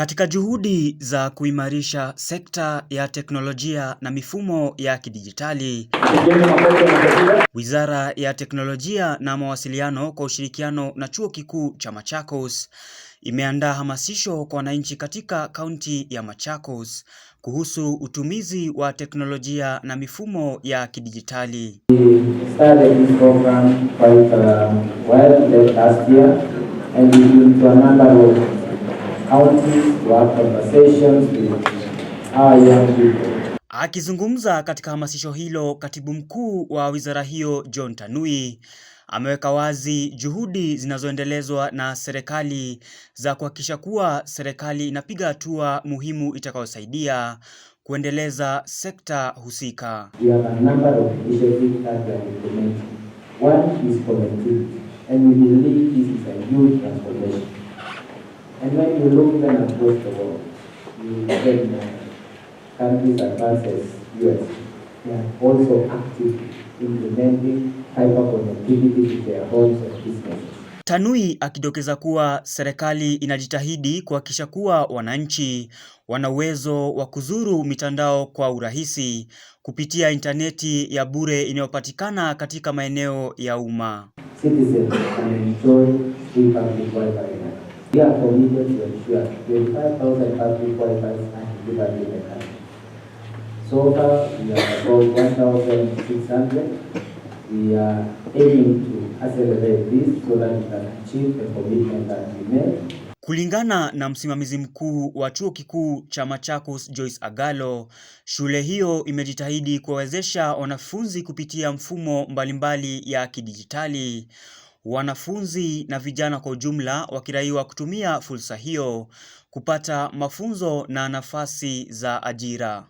Katika juhudi za kuimarisha sekta ya teknolojia na mifumo ya kidijitali, Wizara ya Teknolojia na Mawasiliano kwa ushirikiano na Chuo Kikuu cha Machakos imeandaa hamasisho kwa wananchi katika kaunti ya Machakos kuhusu utumizi wa teknolojia na mifumo ya kidijitali. We outreach, to conversations with our young people. Akizungumza katika hamasisho hilo, Katibu Mkuu wa wizara hiyo John Tanui ameweka wazi juhudi zinazoendelezwa na serikali za kuhakikisha kuwa serikali inapiga hatua muhimu itakayosaidia kuendeleza sekta husika. And when you look even across the world, you get more countries and as US. They are also active implementing fiber connectivity to their homes and businesses. Tanui akidokeza kuwa serikali inajitahidi kuhakikisha kuwa wananchi wana uwezo wa kuzuru mitandao kwa urahisi kupitia intaneti ya bure inayopatikana katika maeneo ya umma. Citizens We are committed to ensure 25,000 public Wi-Fi are delivered in the country. So far, we are about 1,600. We are aiming to accelerate this so that we can achieve the commitment that we made. Kulingana na msimamizi mkuu wa Chuo Kikuu cha Machakos, Joyce Agalo, shule hiyo imejitahidi kuwawezesha wanafunzi kupitia mfumo mbalimbali mbali ya kidijitali wanafunzi na vijana kwa ujumla wakiraiwa kutumia fursa hiyo kupata mafunzo na nafasi za ajira.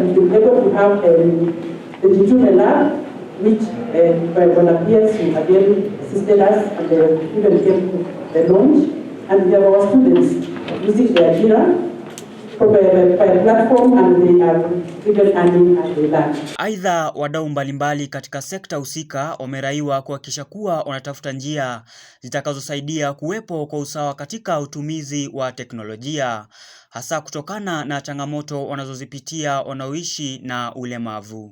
Uh, uh, Aidha, wadau mbalimbali katika sekta husika wameraiwa kuhakikisha kuwa wanatafuta njia zitakazosaidia kuwepo kwa usawa katika utumizi wa teknolojia hasa kutokana na changamoto wanazozipitia wanaoishi na ulemavu.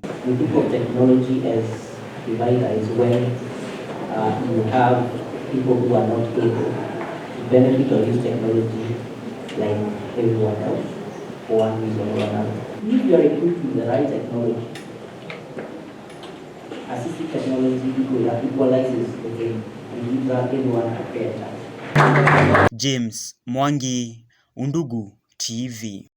Uh, like everyone else one reason or another. If you are equipped with the right technology, assistive technology equalizes the game and gives everyone a fair chance. James Mwangi, Undugu TV.